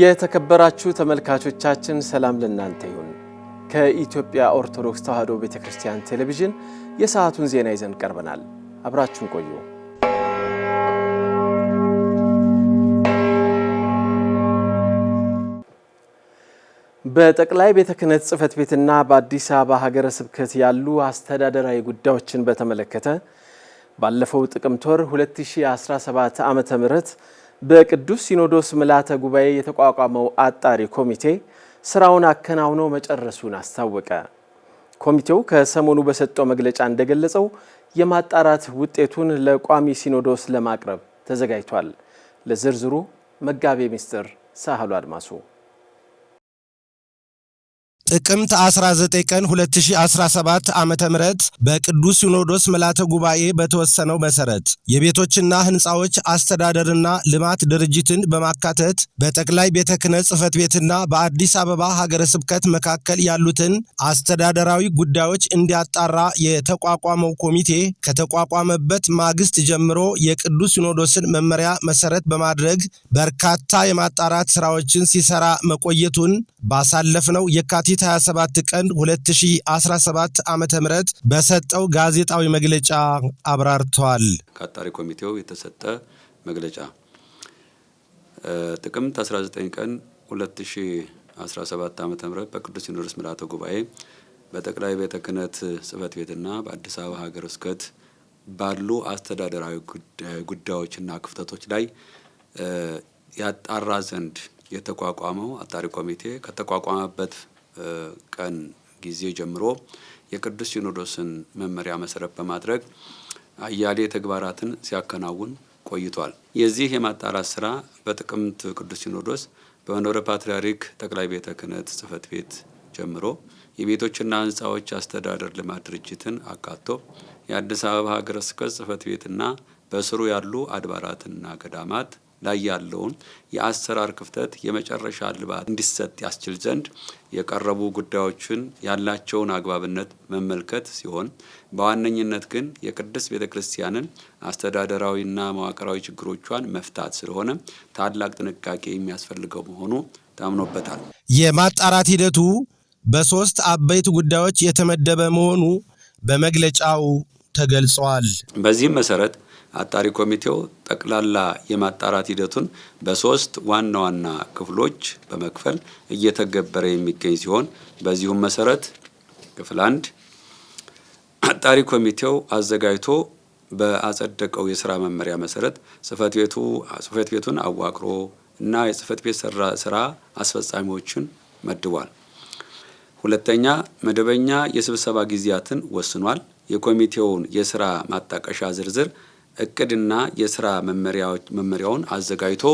የተከበራችሁ ተመልካቾቻችን ሰላም ለእናንተ ይሁን። ከኢትዮጵያ ኦርቶዶክስ ተዋሕዶ ቤተ ክርስቲያን ቴሌቪዥን የሰዓቱን ዜና ይዘን ቀርበናል። አብራችሁን ቆዩ። በጠቅላይ ቤተ ክህነት ጽሕፈት ቤትና በአዲስ አበባ ሀገረ ስብከት ያሉ አስተዳደራዊ ጉዳዮችን በተመለከተ ባለፈው ጥቅምት ወር 2017 ም በቅዱስ ሲኖዶስ ምልዓተ ጉባኤ የተቋቋመው አጣሪ ኮሚቴ ስራውን አከናውኖ መጨረሱን አስታወቀ። ኮሚቴው ከሰሞኑ በሰጠው መግለጫ እንደገለጸው የማጣራት ውጤቱን ለቋሚ ሲኖዶስ ለማቅረብ ተዘጋጅቷል። ለዝርዝሩ መጋቤ ምስጢር ሳህሉ አድማሱ ጥቅምት 19 ቀን 2017 ዓ ም በቅዱስ ሲኖዶስ ምልዓተ ጉባኤ በተወሰነው መሰረት የቤቶችና ሕንፃዎች አስተዳደርና ልማት ድርጅትን በማካተት በጠቅላይ ቤተ ክህነት ጽሕፈት ቤትና በአዲስ አበባ ሀገረ ስብከት መካከል ያሉትን አስተዳደራዊ ጉዳዮች እንዲያጣራ የተቋቋመው ኮሚቴ ከተቋቋመበት ማግስት ጀምሮ የቅዱስ ሲኖዶስን መመሪያ መሰረት በማድረግ በርካታ የማጣራት ስራዎችን ሲሰራ መቆየቱን ባሳለፍነው የካቲት የካቲት 27 ቀን 2017 ዓ.ም በሰጠው ጋዜጣዊ መግለጫ አብራርተዋል። ከአጣሪ ኮሚቴው የተሰጠ መግለጫ ጥቅምት 19 ቀን 2017 ም በቅዱስ ሲኖዶስ ምልዓተ ጉባኤ በጠቅላይ ቤተ ክህነት ጽሕፈት ቤትና በአዲስ አበባ ሀገረ ስብከት ባሉ አስተዳደራዊ ጉዳዮችና ክፍተቶች ላይ ያጣራ ዘንድ የተቋቋመው አጣሪ ኮሚቴ ከተቋቋመበት ቀን ጊዜ ጀምሮ የቅዱስ ሲኖዶስን መመሪያ መሰረት በማድረግ አያሌ ተግባራትን ሲያከናውን ቆይቷል። የዚህ የማጣራት ስራ በጥቅምት ቅዱስ ሲኖዶስ በመንበረ ፓትርያርክ ጠቅላይ ቤተ ክህነት ጽሕፈት ቤት ጀምሮ የቤቶችና ህንፃዎች አስተዳደር ልማት ድርጅትን አካቶ የአዲስ አበባ ሀገረ ስብከት ጽሕፈት ቤትና በስሩ ያሉ አድባራትና ገዳማት ላይ ያለውን የአሰራር ክፍተት የመጨረሻ እልባት እንዲሰጥ ያስችል ዘንድ የቀረቡ ጉዳዮችን ያላቸውን አግባብነት መመልከት ሲሆን በዋነኝነት ግን የቅድስት ቤተ ክርስቲያንን አስተዳደራዊና መዋቅራዊ ችግሮቿን መፍታት ስለሆነ ታላቅ ጥንቃቄ የሚያስፈልገው መሆኑ ታምኖበታል። የማጣራት ሂደቱ በሶስት አበይት ጉዳዮች የተመደበ መሆኑ በመግለጫው ተገልጿል። በዚህም መሰረት አጣሪ ኮሚቴው ጠቅላላ የማጣራት ሂደቱን በሶስት ዋና ዋና ክፍሎች በመክፈል እየተገበረ የሚገኝ ሲሆን በዚሁም መሰረት ክፍል አንድ አጣሪ ኮሚቴው አዘጋጅቶ በአጸደቀው የስራ መመሪያ መሰረት ጽህፈት ቤቱ ጽህፈት ቤቱን አዋቅሮ እና የጽህፈት ቤት ስራ አስፈጻሚዎችን መድቧል። ሁለተኛ መደበኛ የስብሰባ ጊዜያትን ወስኗል። የኮሚቴውን የስራ ማጣቀሻ ዝርዝር እቅድና የስራ መመሪያውን አዘጋጅቶ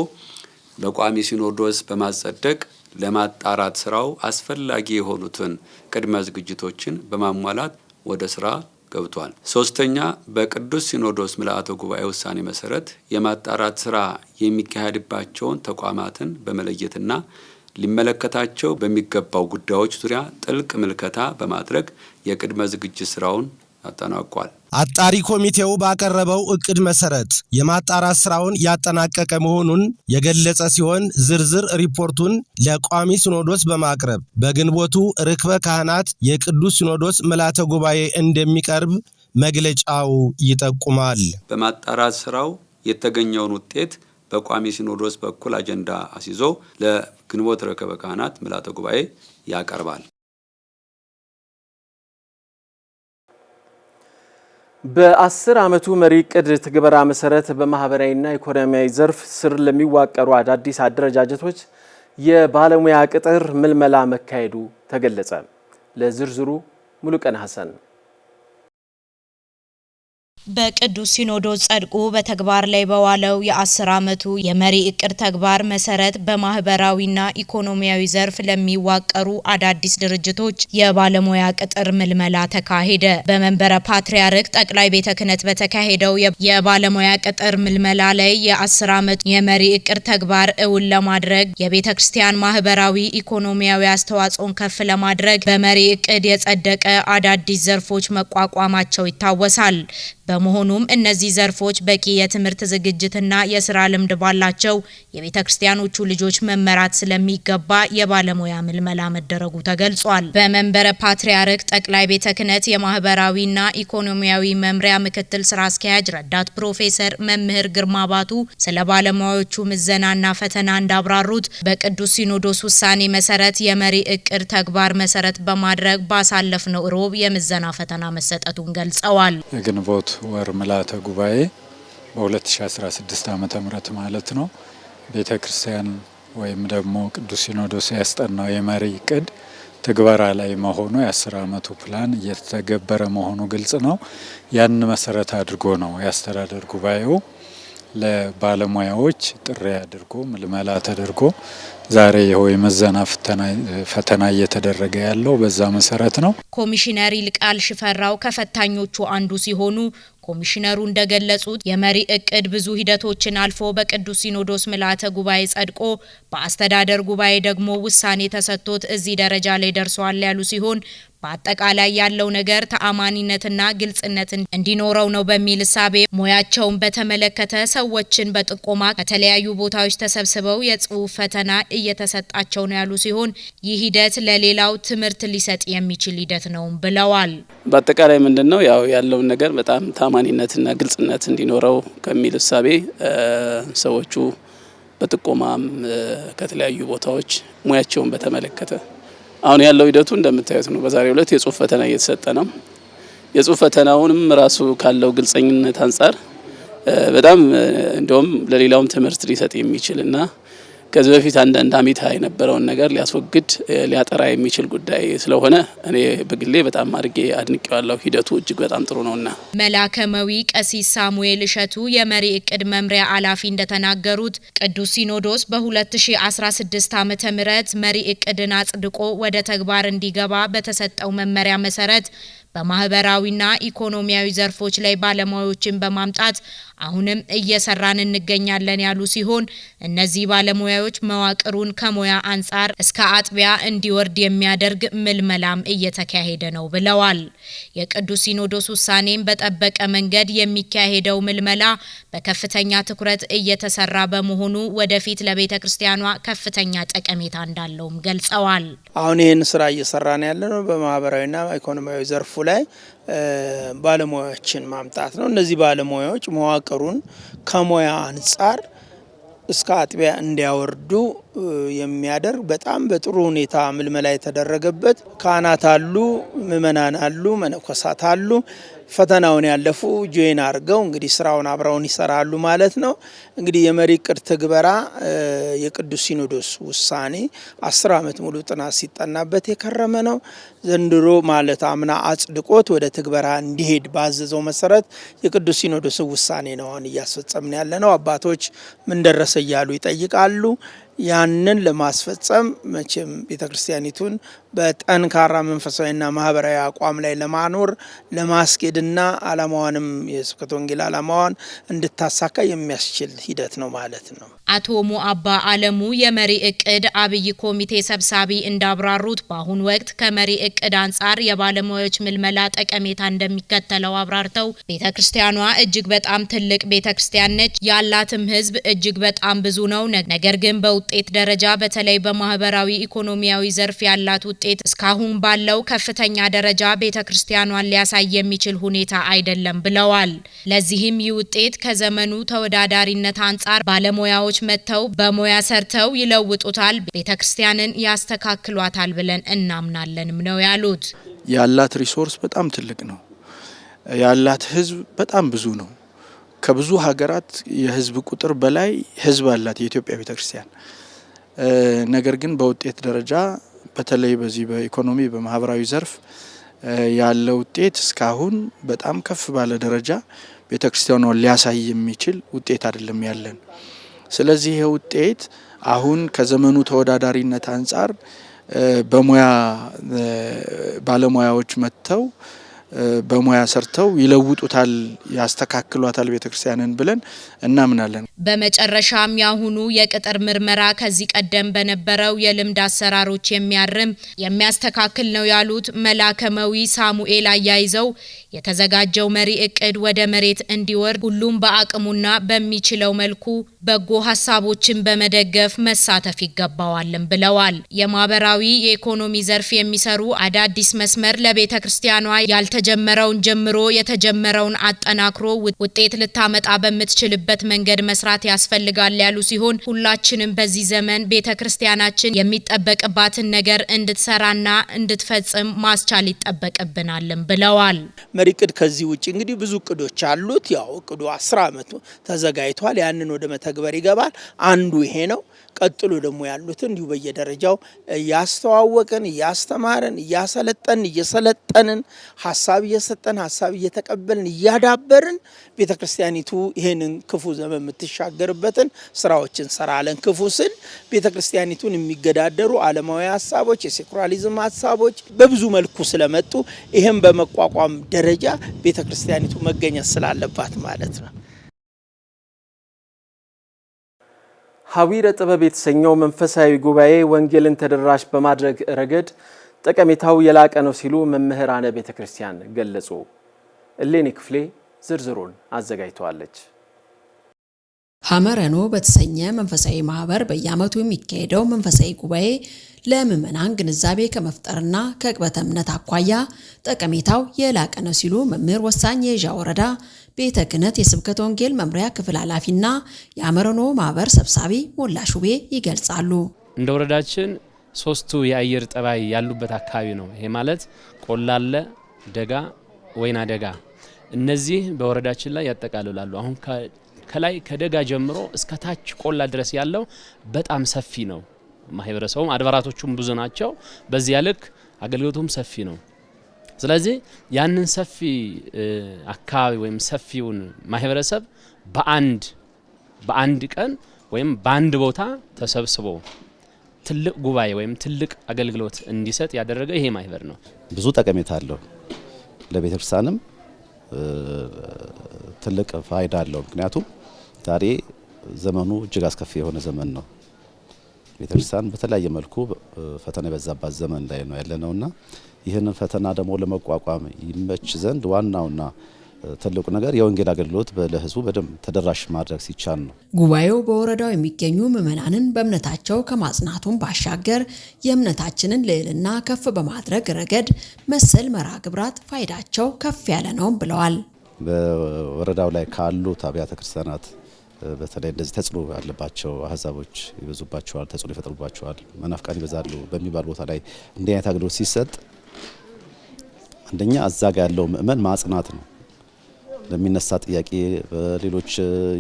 በቋሚ ሲኖዶስ በማጸደቅ ለማጣራት ስራው አስፈላጊ የሆኑትን ቅድመ ዝግጅቶችን በማሟላት ወደ ስራ ገብቷል። ሶስተኛ በቅዱስ ሲኖዶስ ምልአተ ጉባኤ ውሳኔ መሰረት የማጣራት ስራ የሚካሄድባቸውን ተቋማትን በመለየትና ሊመለከታቸው በሚገባው ጉዳዮች ዙሪያ ጥልቅ ምልከታ በማድረግ የቅድመ ዝግጅት ስራውን አጠናቋል። አጣሪ ኮሚቴው ባቀረበው እቅድ መሰረት የማጣራት ስራውን ያጠናቀቀ መሆኑን የገለጸ ሲሆን ዝርዝር ሪፖርቱን ለቋሚ ሲኖዶስ በማቅረብ በግንቦቱ ርክበ ካህናት የቅዱስ ሲኖዶስ ምልዓተ ጉባኤ እንደሚቀርብ መግለጫው ይጠቁማል። በማጣራት ስራው የተገኘውን ውጤት በቋሚ ሲኖዶስ በኩል አጀንዳ አስይዞ ለግንቦት ርክበ ካህናት ምልዓተ ጉባኤ ያቀርባል። በአስር ዓመቱ መሪ ቅድ ትግበራ መሰረት በማህበራዊና ኢኮኖሚያዊ ዘርፍ ስር ለሚዋቀሩ አዳዲስ አደረጃጀቶች የባለሙያ ቅጥር ምልመላ መካሄዱ ተገለጸ። ለዝርዝሩ ሙሉቀን ሐሰን በቅዱስ ሲኖዶስ ጸድቆ በተግባር ላይ በዋለው የአስር ዓመቱ የመሪ እቅድ ተግባር መሰረት በማህበራዊና ኢኮኖሚያዊ ዘርፍ ለሚዋቀሩ አዳዲስ ድርጅቶች የባለሙያ ቅጥር ምልመላ ተካሄደ። በመንበረ ፓትርያርክ ጠቅላይ ቤተ ክህነት በተካሄደው የባለሙያ ቅጥር ምልመላ ላይ የአስር ዓመቱ የመሪ እቅድ ተግባር እውን ለማድረግ የቤተ ክርስቲያን ማህበራዊ ኢኮኖሚያዊ አስተዋጽኦን ከፍ ለማድረግ በመሪ እቅድ የጸደቀ አዳዲስ ዘርፎች መቋቋማቸው ይታወሳል። በመሆኑም እነዚህ ዘርፎች በቂ የትምህርት ዝግጅትና የስራ ልምድ ባላቸው የቤተ ክርስቲያኖቹ ልጆች መመራት ስለሚገባ የባለሙያ ምልመላ መደረጉ ተገልጿል። በመንበረ ፓትርያርክ ጠቅላይ ቤተ ክህነት የማህበራዊና ኢኮኖሚያዊ መምሪያ ምክትል ስራ አስኪያጅ ረዳት ፕሮፌሰር መምህር ግርማ ባቱ ስለ ባለሙያዎቹ ምዘናና ፈተና እንዳብራሩት በቅዱስ ሲኖዶስ ውሳኔ መሰረት የመሪ እቅድ ተግባር መሰረት በማድረግ ባሳለፍነው ሮብ የምዘና ፈተና መሰጠቱን ገልጸዋል። ግንቦት ወር ምልዓተ ጉባኤ በ2016 ዓ ም ማለት ነው ቤተ ክርስቲያን ወይም ደግሞ ቅዱስ ሲኖዶስ ያስጠናው የመሪ እቅድ ትግበራ ላይ መሆኑ የአስር ዓመቱ ፕላን እየተተገበረ መሆኑ ግልጽ ነው። ያን መሰረት አድርጎ ነው የአስተዳደር ጉባኤው ለባለሙያዎች ጥሪ አድርጎ ምልመላ ተደርጎ ዛሬ የሆይ የመዘና ፈተና እየተደረገ ያለው በዛ መሰረት ነው። ኮሚሽነር ይልቃል ሽፈራው ከፈታኞቹ አንዱ ሲሆኑ ኮሚሽነሩ እንደገለጹት የመሪ እቅድ ብዙ ሂደቶችን አልፎ በቅዱስ ሲኖዶስ ምላተ ጉባኤ ጸድቆ በአስተዳደር ጉባኤ ደግሞ ውሳኔ ተሰጥቶት እዚህ ደረጃ ላይ ደርሰዋል ያሉ ሲሆን በአጠቃላይ ያለው ነገር ተአማኒነትና ግልጽነት እንዲኖረው ነው በሚል እሳቤ ሙያቸውን በተመለከተ ሰዎችን በጥቆማ ከተለያዩ ቦታዎች ተሰብስበው የጽሁፍ ፈተና እየተሰጣቸው ነው ያሉ ሲሆን ይህ ሂደት ለሌላው ትምህርት ሊሰጥ የሚችል ሂደት ነው ብለዋል። በአጠቃላይ ምንድን ነው ያው ያለውን ነገር በጣም ታማኒነትና ግልጽነት እንዲኖረው ከሚል እሳቤ ሰዎቹ በጥቆማም ከተለያዩ ቦታዎች ሙያቸውን በተመለከተ አሁን ያለው ሂደቱ እንደምታዩት ነው። በዛሬው ዕለት የጽሁፍ ፈተና እየተሰጠ ነው። የጽሁፍ ፈተናውንም ራሱ ካለው ግልጸኝነት አንጻር በጣም እንደውም ለሌላውም ትምህርት ሊሰጥ የሚችልና ከዚህ በፊት አንዳንድ አሜታ የነበረውን ነገር ሊያስወግድ ሊያጠራ የሚችል ጉዳይ ስለሆነ እኔ በግሌ በጣም አድርጌ አድንቄዋለሁ። ሂደቱ እጅግ በጣም ጥሩ ነውና መላከመዊ ቀሲስ ሳሙኤል እሸቱ የመሪ እቅድ መምሪያ ኃላፊ እንደተናገሩት ቅዱስ ሲኖዶስ በ2016 ዓ ም መሪ እቅድን አጽድቆ ወደ ተግባር እንዲገባ በተሰጠው መመሪያ መሰረት በማህበራዊና ኢኮኖሚያዊ ዘርፎች ላይ ባለሙያዎችን በማምጣት አሁንም እየሰራን እንገኛለን ያሉ ሲሆን እነዚህ ባለሙያዎች መዋቅሩን ከሙያ አንጻር እስከ አጥቢያ እንዲወርድ የሚያደርግ ምልመላም እየተካሄደ ነው ብለዋል። የቅዱስ ሲኖዶስ ውሳኔም በጠበቀ መንገድ የሚካሄደው ምልመላ በከፍተኛ ትኩረት እየተሰራ በመሆኑ ወደፊት ለቤተ ክርስቲያኗ ከፍተኛ ጠቀሜታ እንዳለውም ገልጸዋል። አሁን ይህን ስራ እየሰራ ነው ያለነው በማህበራዊና ኢኮኖሚያዊ ዘርፉ ላይ ባለሙያዎችን ማምጣት ነው። እነዚህ ባለሙያዎች መዋቅሩን ከሙያ አንጻር እስከ አጥቢያ እንዲያወርዱ የሚያደርግ በጣም በጥሩ ሁኔታ ምልመላ የተደረገበት ካህናት አሉ፣ ምእመናን አሉ፣ መነኮሳት አሉ። ፈተናውን ያለፉ ጆይን አድርገው እንግዲህ ስራውን አብረውን ይሰራሉ ማለት ነው። እንግዲህ የመሪ ቅድ ትግበራ የቅዱስ ሲኖዶስ ውሳኔ አስር ዓመት ሙሉ ጥናት ሲጠናበት የከረመ ነው። ዘንድሮ ማለት አምና አጽድቆት ወደ ትግበራ እንዲሄድ ባዘዘው መሰረት የቅዱስ ሲኖዶስ ውሳኔ ነው አሁን እያስፈጸምን ያለ ነው። አባቶች ምን ደረሰ እያሉ ይጠይቃሉ። ያንን ለማስፈጸም መቼም ቤተ ክርስቲያኒቱን በጠንካራ መንፈሳዊና ማህበራዊ አቋም ላይ ለማኖር ለማስኬድና አላማዋንም የስብከት ወንጌል አላማዋን እንድታሳካ የሚያስችል ሂደት ነው ማለት ነው። አቶ ሙአባ አለሙ የመሪ እቅድ አብይ ኮሚቴ ሰብሳቢ እንዳብራሩት በአሁኑ ወቅት ከመሪ እቅድ አንጻር የባለሙያዎች ምልመላ ጠቀሜታ እንደሚከተለው አብራርተው ቤተ ክርስቲያኗ እጅግ በጣም ትልቅ ቤተ ክርስቲያን ነች። ያላትም ህዝብ እጅግ በጣም ብዙ ነው። ነገር ግን በውጤት ደረጃ በተለይ በማህበራዊ ኢኮኖሚያዊ ዘርፍ ያላት ውጤት ውጤት እስካሁን ባለው ከፍተኛ ደረጃ ቤተ ክርስቲያኗን ሊያሳይ የሚችል ሁኔታ አይደለም ብለዋል። ለዚህም ይህ ውጤት ከዘመኑ ተወዳዳሪነት አንጻር ባለሙያዎች መጥተው በሙያ ሰርተው ይለውጡታል፣ ቤተ ክርስቲያንን ያስተካክሏታል ብለን እናምናለንም ነው ያሉት። ያላት ሪሶርስ በጣም ትልቅ ነው። ያላት ህዝብ በጣም ብዙ ነው። ከብዙ ሀገራት የህዝብ ቁጥር በላይ ህዝብ አላት የኢትዮጵያ ቤተክርስቲያን። ነገር ግን በውጤት ደረጃ በተለይ በዚህ በኢኮኖሚ በማህበራዊ ዘርፍ ያለው ውጤት እስካሁን በጣም ከፍ ባለ ደረጃ ቤተ ክርስቲያኗን ሊያሳይ የሚችል ውጤት አይደለም ያለን። ስለዚህ ይሄ ውጤት አሁን ከዘመኑ ተወዳዳሪነት አንጻር በሙያ ባለሙያዎች መጥተው በሙያ ሰርተው ይለውጡታል፣ ያስተካክሏታል ቤተክርስቲያንን ብለን እናምናለን። በመጨረሻም ያሁኑ የቅጥር ምርመራ ከዚህ ቀደም በነበረው የልምድ አሰራሮች የሚያርም የሚያስተካክል ነው ያሉት መላከመዊ ሳሙኤል አያይዘው የተዘጋጀው መሪ እቅድ ወደ መሬት እንዲወርድ ሁሉም በአቅሙና በሚችለው መልኩ በጎ ሀሳቦችን በመደገፍ መሳተፍ ይገባዋልም ብለዋል። የማህበራዊ የኢኮኖሚ ዘርፍ የሚሰሩ አዳዲስ መስመር ለቤተ ክርስቲያኗ ያልተ የተጀመረውን ጀምሮ የተጀመረውን አጠናክሮ ውጤት ልታመጣ በምትችልበት መንገድ መስራት ያስፈልጋል ያሉ ሲሆን ሁላችንም በዚህ ዘመን ቤተ ክርስቲያናችን የሚጠበቅባትን ነገር እንድትሰራና እንድትፈጽም ማስቻል ይጠበቅብናልም ብለዋል። መሪ ከዚህ ውጭ እንግዲህ ብዙ እቅዶች አሉት። ያው እቅዱ አስር አመቱ ተዘጋጅቷል። ያንን ወደ መተግበር ይገባል። አንዱ ይሄ ነው። ቀጥሎ ደግሞ ያሉትን እንዲሁ በየደረጃው እያስተዋወቅን እያስተማርን እያሰለጠንን እየሰለጠንን ሀሳብ እየሰጠን ሀሳብ እየተቀበልን እያዳበርን ቤተ ክርስቲያኒቱ ይህንን ክፉ ዘመን የምትሻገርበትን ስራዎች እንሰራለን። ክፉ ስል ቤተ ክርስቲያኒቱን የሚገዳደሩ አለማዊ ሀሳቦች፣ የሴኩራሊዝም ሀሳቦች በብዙ መልኩ ስለመጡ ይህም በመቋቋም ደረጃ ቤተ ክርስቲያኒቱ መገኘት ስላለባት ማለት ነው። ሀዊረ ጥበብ የተሰኘው መንፈሳዊ ጉባኤ ወንጌልን ተደራሽ በማድረግ ረገድ ጠቀሜታው የላቀ ነው ሲሉ መምህራነ ቤተ ክርስቲያን ገለጹ። እሌኒ ክፍሌ ዝርዝሩን አዘጋጅተዋለች። ሐመረኖ በተሰኘ መንፈሳዊ ማህበር በየዓመቱ የሚካሄደው መንፈሳዊ ጉባኤ ለምዕመናን ግንዛቤ ከመፍጠርና ከቅበተ እምነት አኳያ ጠቀሜታው የላቀ ነው ሲሉ መምህር ወሳኝ የእዣ ወረዳ ቤተ ክህነት የስብከተ ወንጌል መምሪያ ክፍል ኃላፊና የሐመረኖ ማህበር ሰብሳቢ ሞላ ሹቤ ይገልጻሉ። እንደ ወረዳችን ሶስቱ የአየር ጠባይ ያሉበት አካባቢ ነው። ይሄ ማለት ቆላለ፣ ደጋ፣ ወይና ደጋ እነዚህ በወረዳችን ላይ ያጠቃልላሉ። አሁን ከላይ ከደጋ ጀምሮ እስከ ታች ቆላ ድረስ ያለው በጣም ሰፊ ነው። ማህበረሰቡም አድባራቶቹም ብዙ ናቸው። በዚያ ልክ አገልግሎቱም ሰፊ ነው። ስለዚህ ያንን ሰፊ አካባቢ ወይም ሰፊውን ማህበረሰብ በአንድ በአንድ ቀን ወይም በአንድ ቦታ ተሰብስቦ ትልቅ ጉባኤ ወይም ትልቅ አገልግሎት እንዲሰጥ ያደረገ ይሄ ማህበር ነው። ብዙ ጠቀሜታ አለው ለቤተክርስቲያንም ትልቅ ፋይዳ አለው። ምክንያቱም ዛሬ ዘመኑ እጅግ አስከፊ የሆነ ዘመን ነው። ቤተክርስቲያን በተለያየ መልኩ ፈተና የበዛባት ዘመን ላይ ነው ያለነውና ይህንን ፈተና ደግሞ ለመቋቋም ይመች ዘንድ ዋናውና ትልቁ ነገር የወንጌል አገልግሎት ለህዝቡ በደንብ ተደራሽ ማድረግ ሲቻል ነው። ጉባኤው በወረዳው የሚገኙ ምዕመናንን በእምነታቸው ከማጽናቱን ባሻገር የእምነታችንን ልዕልና ከፍ በማድረግ ረገድ መሰል መርሃ ግብራት ፋይዳቸው ከፍ ያለ ነውም ብለዋል። በወረዳው ላይ ካሉት አብያተ ክርስቲያናት በተለይ እንደዚህ ተጽዕኖ ያለባቸው አህዛቦች ይበዙባቸዋል፣ ተጽዕኖ ይፈጥሩባቸዋል፣ መናፍቃን ይበዛሉ በሚባል ቦታ ላይ እንዲህ አይነት አገልግሎት ሲሰጥ አንደኛ እዛ ጋ ያለው ምእመን ማጽናት ነው። ለሚነሳ ጥያቄ በሌሎች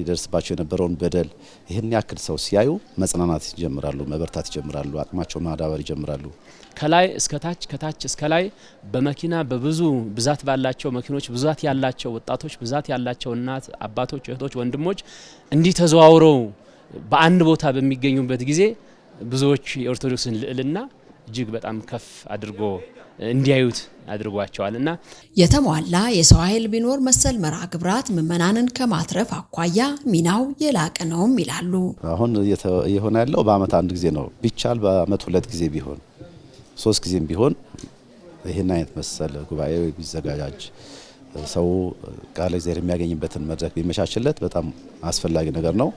ይደርስባቸው የነበረውን በደል ይህን ያክል ሰው ሲያዩ መጽናናት ይጀምራሉ፣ መበርታት ይጀምራሉ፣ አቅማቸው ማዳበር ይጀምራሉ። ከላይ እስከ ታች ከታች እስከ ላይ በመኪና በብዙ ብዛት ባላቸው መኪኖች ብዛት ያላቸው ወጣቶች ብዛት ያላቸው እናት አባቶች፣ እህቶች፣ ወንድሞች እንዲህ ተዘዋውረው በአንድ ቦታ በሚገኙበት ጊዜ ብዙዎች የኦርቶዶክስን ልዕልና እጅግ በጣም ከፍ አድርጎ እንዲያዩት አድርጓቸዋል እና የተሟላ የሰው ኃይል ቢኖር መሰል መርሃ ግብራት ምዕመናንን ከማትረፍ አኳያ ሚናው የላቀ ነውም ይላሉ። አሁን የሆነ ያለው በአመት አንድ ጊዜ ነው። ቢቻል በአመት ሁለት ጊዜ ቢሆን ሶስት ጊዜም ቢሆን ይህን አይነት መሰል ጉባኤ ቢዘጋጃጅ ሰው ቃለ እግዚአብሔር የሚያገኝበትን መድረክ ቢመቻችለት በጣም አስፈላጊ ነገር ነው።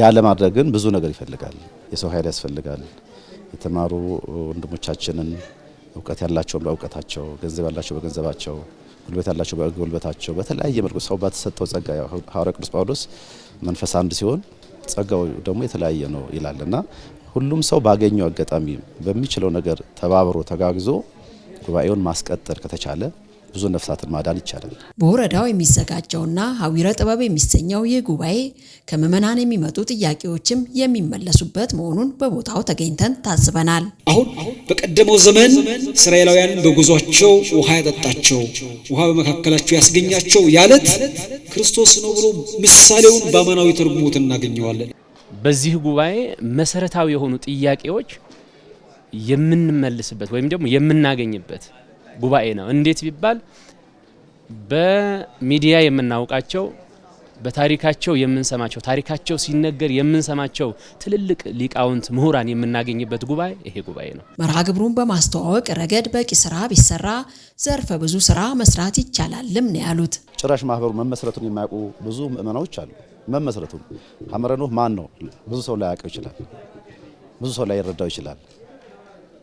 ያ ለማድረግ ግን ብዙ ነገር ይፈልጋል። የሰው ኃይል ያስፈልጋል። የተማሩ ወንድሞቻችንን እውቀት ያላቸውን በእውቀታቸው፣ ገንዘብ ያላቸው በገንዘባቸው፣ ጉልበት ያላቸው በጉልበታቸው በተለያየ መልኩ ሰው በተሰጠው ጸጋ ሐዋርያው ቅዱስ ጳውሎስ መንፈስ አንድ ሲሆን ጸጋው ደግሞ የተለያየ ነው ይላል እና ሁሉም ሰው ባገኘው አጋጣሚ በሚችለው ነገር ተባብሮ ተጋግዞ ጉባኤውን ማስቀጠል ከተቻለ ብዙ ነፍሳትን ማዳን ይቻላል። በወረዳው የሚዘጋጀውና ሀዊረ ጥበብ የሚሰኘው ይህ ጉባኤ ከምዕመናን የሚመጡ ጥያቄዎችም የሚመለሱበት መሆኑን በቦታው ተገኝተን ታዝበናል። አሁን በቀደመው ዘመን እስራኤላውያን በጉዟቸው ውሃ ያጠጣቸው ውሃ በመካከላቸው ያስገኛቸው ያለት ክርስቶስ ነው ብሎ ምሳሌውን በአማናዊ ትርጉሙት እናገኘዋለን። በዚህ ጉባኤ መሰረታዊ የሆኑ ጥያቄዎች የምንመልስበት ወይም ደግሞ የምናገኝበት ጉባኤ ነው። እንዴት ቢባል በሚዲያ የምናውቃቸው በታሪካቸው የምንሰማቸው ታሪካቸው ሲነገር የምንሰማቸው ትልልቅ ሊቃውንት ምሁራን የምናገኝበት ጉባኤ ይሄ ጉባኤ ነው። መርሃ ግብሩን በማስተዋወቅ ረገድ በቂ ስራ ቢሰራ ዘርፈ ብዙ ስራ መስራት ይቻላልም ነው ያሉት። ጭራሽ ማህበሩ መመስረቱን የማያውቁ ብዙ ምእመናዎች አሉ። መመስረቱን ሐመረ ኖህ ማን ነው? ብዙ ሰው ላይ ይችላል፣ ብዙ ሰው ላይ ይረዳው ይችላል።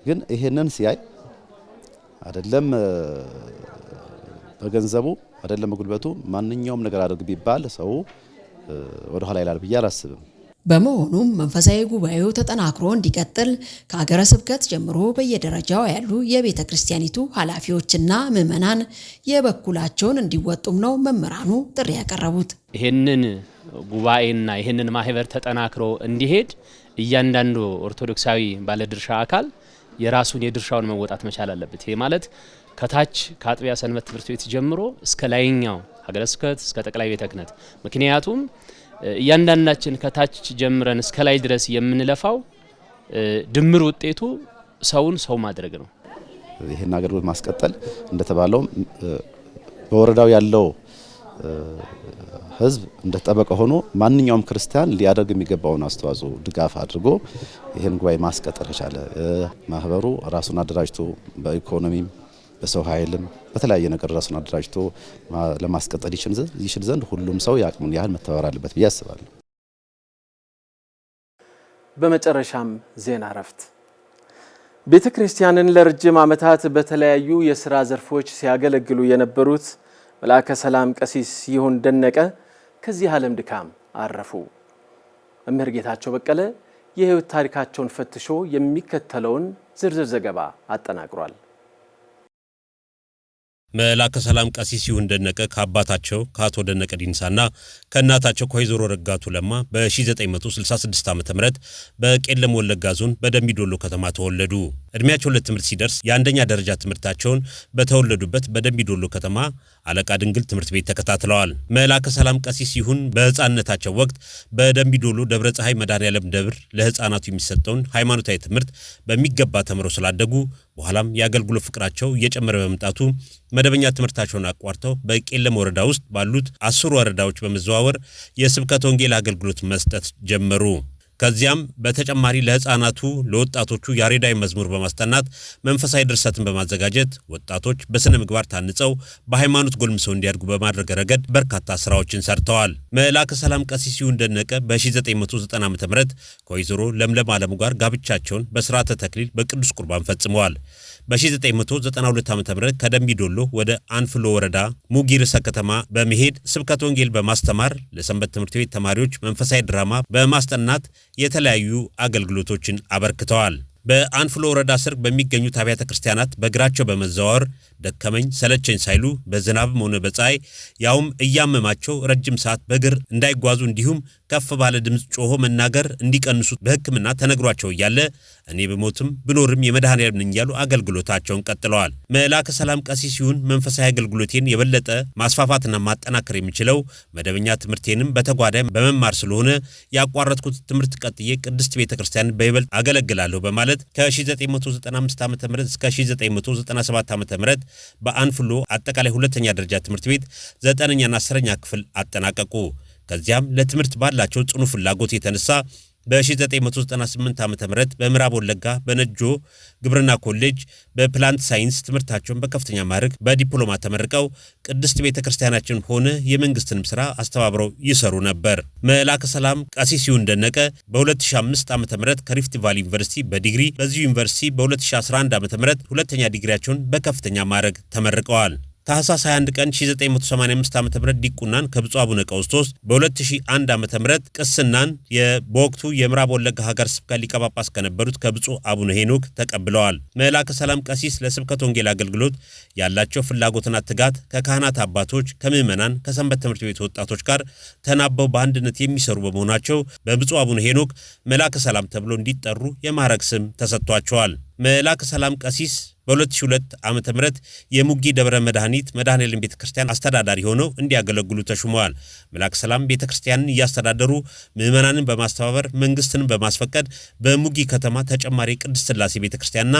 ግን ይሄንን ሲያይ አይደለም በገንዘቡ አይደለም በጉልበቱ ማንኛውም ነገር አድርግ ቢባል ሰው ወደ ኋላ ይላል ብዬ አላስብም። በመሆኑም መንፈሳዊ ጉባኤው ተጠናክሮ እንዲቀጥል ከሀገረ ስብከት ጀምሮ በየደረጃው ያሉ የቤተ ክርስቲያኒቱ ኃላፊዎችና ምዕመናን የበኩላቸውን እንዲወጡም ነው መምህራኑ ጥሪ ያቀረቡት። ይህንን ጉባኤና ይህንን ማህበር ተጠናክሮ እንዲሄድ እያንዳንዱ ኦርቶዶክሳዊ ባለድርሻ አካል የራሱን የድርሻውን መወጣት መቻል አለበት። ይሄ ማለት ከታች ከአጥቢያ ሰንበት ትምህርት ቤት ጀምሮ እስከ ላይኛው ሀገረ ስብከት እስከ ጠቅላይ ቤተ ክህነት። ምክንያቱም እያንዳንዳችን ከታች ጀምረን እስከ ላይ ድረስ የምንለፋው ድምር ውጤቱ ሰውን ሰው ማድረግ ነው። ይህን አገልግሎት ማስቀጠል እንደተባለው በወረዳው ያለው ህዝብ እንደተጠበቀ ሆኖ ማንኛውም ክርስቲያን ሊያደርግ የሚገባውን አስተዋጽኦ ድጋፍ አድርጎ ይህን ጉባኤ ማስቀጠል ከቻለ ማህበሩ ራሱን አደራጅቶ በኢኮኖሚም በሰው ኃይልም በተለያየ ነገር ራሱን አደራጅቶ ለማስቀጠል ይችል ዘንድ ሁሉም ሰው የአቅሙን ያህል መተባበር አለበት ብዬ አስባለሁ። በመጨረሻም ዜና እረፍት። ቤተ ክርስቲያንን ለረጅም ዓመታት በተለያዩ የሥራ ዘርፎች ሲያገለግሉ የነበሩት መልአከ ሰላም ቀሲስ ይሁን ደነቀ ከዚህ ዓለም ድካም አረፉ። መምህር ጌታቸው በቀለ የህይወት ታሪካቸውን ፈትሾ የሚከተለውን ዝርዝር ዘገባ አጠናቅሯል። መልአከ ሰላም ቀሲስ ይሁን ደነቀ ከአባታቸው ከአቶ ደነቀ ዲንሳና ከእናታቸው ከወይዘሮ ረጋቱ ለማ በ1966 ዓ ም በቄለም ወለጋ ዞን በደምቢዶሎ ከተማ ተወለዱ። እድሜያቸው ለትምህርት ሲደርስ የአንደኛ ደረጃ ትምህርታቸውን በተወለዱበት በደምቢዶሎ ከተማ አለቃ ድንግል ትምህርት ቤት ተከታትለዋል። መላከ ሰላም ቀሲስ ይሁን በሕፃንነታቸው ወቅት በደምቢዶሎ ደብረ ፀሐይ መድኃኔዓለም ደብር ለህፃናቱ የሚሰጠውን ሃይማኖታዊ ትምህርት በሚገባ ተምረው ስላደጉ በኋላም የአገልግሎት ፍቅራቸው እየጨመረ በመምጣቱ መደበኛ ትምህርታቸውን አቋርተው በቄለም ወረዳ ውስጥ ባሉት አስሩ ወረዳዎች በመዘዋወር የስብከተ ወንጌል አገልግሎት መስጠት ጀመሩ። ከዚያም በተጨማሪ ለህፃናቱ ለወጣቶቹ ያሬዳዊ መዝሙር በማስጠናት መንፈሳዊ ድርሰትን በማዘጋጀት ወጣቶች በስነ ምግባር ታንጸው በሃይማኖት ጎልምሰው እንዲያድጉ በማድረግ ረገድ በርካታ ስራዎችን ሰርተዋል። መልአከ ሰላም ቀሲስ ይሁን ደነቀ በ1990 ዓ ም ከወይዘሮ ለምለም አለሙ ጋር ጋብቻቸውን በስርዓተ ተክሊል በቅዱስ ቁርባን ፈጽመዋል። በ1992 ዓ ም ዶሎ ወደ አንፍሎ ወረዳ ሙጊርሰ ከተማ በመሄድ ስብከት ወንጌል በማስተማር ለሰንበት ትምህርት ቤት ተማሪዎች መንፈሳዊ ድራማ በማስጠናት የተለያዩ አገልግሎቶችን አበርክተዋል። በአንፍሎ ወረዳ ስር በሚገኙት አብያተ ክርስቲያናት በእግራቸው በመዘዋወር ደከመኝ ሰለቸኝ ሳይሉ በዝናብም ሆነ በፀሐይ ያውም እያመማቸው ረጅም ሰዓት በእግር እንዳይጓዙ እንዲሁም ከፍ ባለ ድምፅ ጮሆ መናገር እንዲቀንሱ በሕክምና ተነግሯቸው እያለ እኔ ብሞትም ብኖርም የመድኃኔዓለም ነኝ እያሉ አገልግሎታቸውን ቀጥለዋል። መልአከ ሰላም ቀሲስ ሲሆን መንፈሳዊ አገልግሎቴን የበለጠ ማስፋፋትና ማጠናከር የሚችለው መደበኛ ትምህርቴንም በተጓዳይ በመማር ስለሆነ ያቋረጥኩት ትምህርት ቀጥዬ ቅድስት ቤተ ክርስቲያን በይበልጥ አገለግላለሁ በማለት ከ1995 ዓ ም እስከ 1997 ዓ ም በአንፍሎ አጠቃላይ ሁለተኛ ደረጃ ትምህርት ቤት ዘጠነኛና አስረኛ ክፍል አጠናቀቁ። ከዚያም ለትምህርት ባላቸው ጽኑ ፍላጎት የተነሳ በ1998 ዓ ም በምዕራብ ወለጋ በነጆ ግብርና ኮሌጅ በፕላንት ሳይንስ ትምህርታቸውን በከፍተኛ ማድረግ በዲፕሎማ ተመርቀው ቅድስት ቤተ ክርስቲያናችን ሆነ የመንግስትንም ሥራ አስተባብረው ይሰሩ ነበር። መልአከ ሰላም ቀሲስ ይሁን ደነቀ በ2005 ዓ ም ከሪፍት ቫል ዩኒቨርሲቲ በዲግሪ በዚሁ ዩኒቨርሲቲ በ2011 ዓ ም ሁለተኛ ዲግሪያቸውን በከፍተኛ ማድረግ ተመርቀዋል። ታህሳስ 21 ቀን 1985 ዓ ም ዲቁናን ከብጹ አቡነ ቀውስቶስ በ2001 ዓ ም ቅስናን በወቅቱ የምዕራብ ወለጋ ሀገር ስብከት ሊቀ ጳጳስ ከነበሩት ከብጹ አቡነ ሄኖክ ተቀብለዋል። መልአከ ሰላም ቀሲስ ለስብከት ወንጌል አገልግሎት ያላቸው ፍላጎትና ትጋት ከካህናት አባቶች፣ ከምዕመናን፣ ከሰንበት ትምህርት ቤት ወጣቶች ጋር ተናበው በአንድነት የሚሰሩ በመሆናቸው በብጹ አቡነ ሄኖክ መልአከ ሰላም ተብሎ እንዲጠሩ የማዕረግ ስም ተሰጥቷቸዋል። መልአከ ሰላም ቀሲስ በ2002 ዓ ም የሙጊ ደብረ መድኃኒት መድኃኔዓለም ቤተ ክርስቲያን አስተዳዳሪ ሆነው እንዲያገለግሉ ተሹመዋል። መልአከ ሰላም ቤተ ክርስቲያንን እያስተዳደሩ ምዕመናንን በማስተባበር መንግስትን በማስፈቀድ በሙጊ ከተማ ተጨማሪ ቅድስት ሥላሴ ቤተ ክርስቲያንና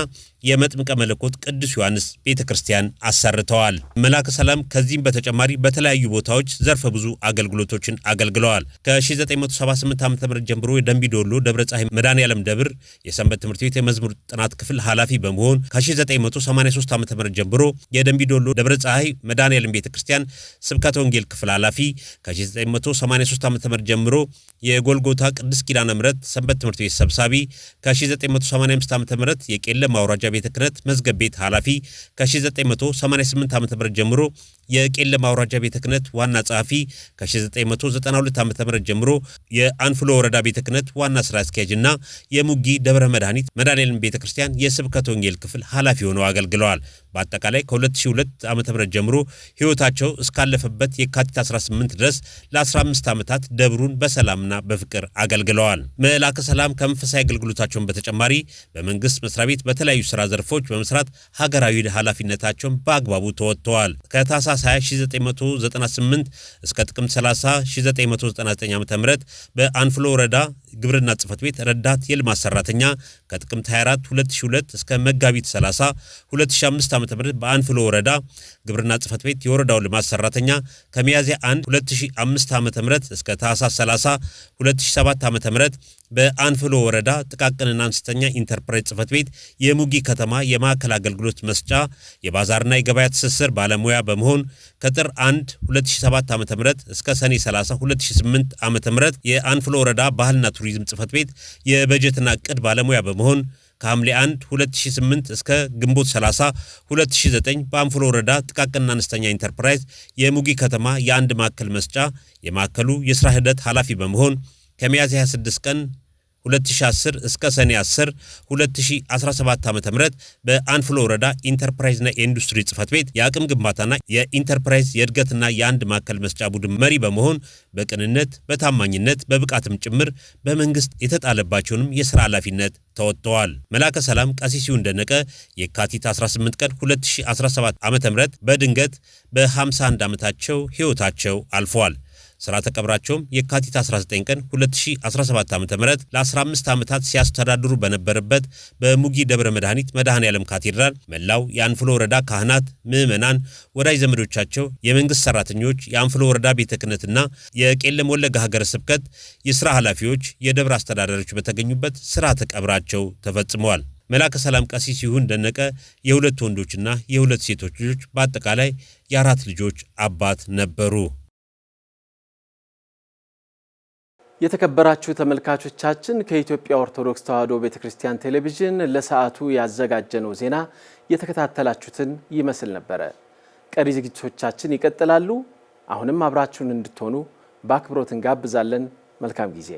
የመጥምቀ መለኮት ቅዱስ ዮሐንስ ቤተ ክርስቲያን አሰርተዋል። መልአከ ሰላም ከዚህም በተጨማሪ በተለያዩ ቦታዎች ዘርፈ ብዙ አገልግሎቶችን አገልግለዋል። ከ1978 ዓ ም ጀምሮ የደንቢ ዶሎ ደብረ ፀሐይ መድኃኔዓለም ደብር የሰንበት ትምህርት ቤት የመዝሙር ጥናት ክፍል ክፍል ኃላፊ በመሆን ከ1983 ዓ ም ጀምሮ የደንቢዶሎ ደብረ ፀሐይ መድኃኔዓለም ቤተ ክርስቲያን ስብከተ ወንጌል ክፍል ኃላፊ፣ ከ1983 ዓ ም ጀምሮ የጎልጎታ ቅዱስ ኪዳነ ምሕረት ሰንበት ትምህርት ቤት ሰብሳቢ፣ ከ1985 ዓ ም የቄለም አውራጃ ቤተ ክህነት መዝገብ ቤት ኃላፊ፣ ከ1988 ዓ ም ጀምሮ የቄለም አውራጃ ቤተ ክህነት ዋና ጸሐፊ፣ ከ1992 ዓ ም ጀምሮ የአንፍሎ ወረዳ ቤተ ክህነት ዋና ስራ አስኪያጅ እና የሙጊ ደብረ መድኃኒት መድኃኔዓለም ቤተ ክርስቲያን የስብከት ወንጌል ክፍል ኃላፊ ሆነው አገልግለዋል። በአጠቃላይ ከ2002 ዓ ም ጀምሮ ሕይወታቸው እስካለፈበት የካቲት 18 ድረስ ለ15 ዓመታት ደብሩን በሰላምና በፍቅር አገልግለዋል። መልአከ ሰላም ከመንፈሳዊ አገልግሎታቸውን በተጨማሪ በመንግስት መስሪያ ቤት በተለያዩ ስራ ዘርፎች በመስራት ሀገራዊ ኃላፊነታቸውን በአግባቡ ተወጥተዋል። ከታህሳስ 1998 እስከ ጥቅምት 30 1999 ዓ ም በአንፍሎ ወረዳ ግብርና ጽህፈት ቤት ረዳት የልማት ሰራተኛ ከጥቅምት 24 2002 እስከ መጋቢት 30 2005 ዓ ም በአንፍሎ ወረዳ ግብርና ጽህፈት ቤት የወረዳው ልማት ሰራተኛ ከሚያዝያ 1 2005 ዓ ም እስከ ታህሳስ 30 2007 ዓ ም በአንፍሎ ወረዳ ጥቃቅንና አነስተኛ ኢንተርፕራይዝ ጽህፈት ቤት የሙጊ ከተማ የማዕከል አገልግሎት መስጫ የባዛርና የገበያ ትስስር ባለሙያ በመሆን ከጥር 1 2007 ዓ ም እስከ ሰኔ 30 2008 ዓ ም የአንፍሎ ወረዳ ባህልና ቱሪዝም ጽህፈት ቤት የበጀትና እቅድ ባለሙያ በመሆን ከሐምሌ 1 2008 እስከ ግንቦት 30 2009 በአንፍሎ ወረዳ ጥቃቅንና አነስተኛ ኢንተርፕራይዝ የሙጊ ከተማ የአንድ ማዕከል መስጫ የማዕከሉ የስራ ሂደት ኃላፊ በመሆን ከሚያዝያ 26 ቀን 2010 እስከ ሰኔ 10 2017 .ም በአንፍሎ ወረዳ ኢንተርፕራይዝና የኢንዱስትሪ ጽህፈት ቤት የአቅም ግንባታና የኢንተርፕራይዝ የእድገትና የአንድ ማዕከል መስጫ ቡድን መሪ በመሆን በቅንነት፣ በታማኝነት፣ በብቃትም ጭምር በመንግስት የተጣለባቸውንም የስራ ኃላፊነት ተወጥተዋል። መላከ ሰላም ቀሲሲው እንደነቀ ደነቀ የካቲት 18 ቀን 2017 ዓ.ም በድንገት በ51 ዓመታቸው ህይወታቸው አልፈዋል። ስርዓተ ቀብራቸውም የካቲት 19 ቀን 2017 ዓ ም ለ15 ዓመታት ሲያስተዳድሩ በነበረበት በሙጊ ደብረ መድኃኒት መድኃኔ ዓለም ካቴድራል መላው የአንፍሎ ወረዳ ካህናት፣ ምዕመናን፣ ወዳጅ ዘመዶቻቸው፣ የመንግሥት ሠራተኞች፣ የአንፍሎ ወረዳ ቤተ ክህነትና የቄለም ወለጋ ሀገረ ስብከት የሥራ ኃላፊዎች፣ የደብረ አስተዳዳሪዎች በተገኙበት ስርዓተ ቀብራቸው ተፈጽመዋል። መላከ ሰላም ቀሲስ ይሁን ደነቀ የሁለት ወንዶችና የሁለት ሴቶች ልጆች በአጠቃላይ የአራት ልጆች አባት ነበሩ። የተከበራችሁ ተመልካቾቻችን ከኢትዮጵያ ኦርቶዶክስ ተዋሕዶ ቤተ ክርስቲያን ቴሌቪዥን ለሰዓቱ ያዘጋጀነው ዜና የተከታተላችሁትን ይመስል ነበረ። ቀሪ ዝግጅቶቻችን ይቀጥላሉ። አሁንም አብራችሁን እንድትሆኑ በአክብሮት እንጋብዛለን። መልካም ጊዜ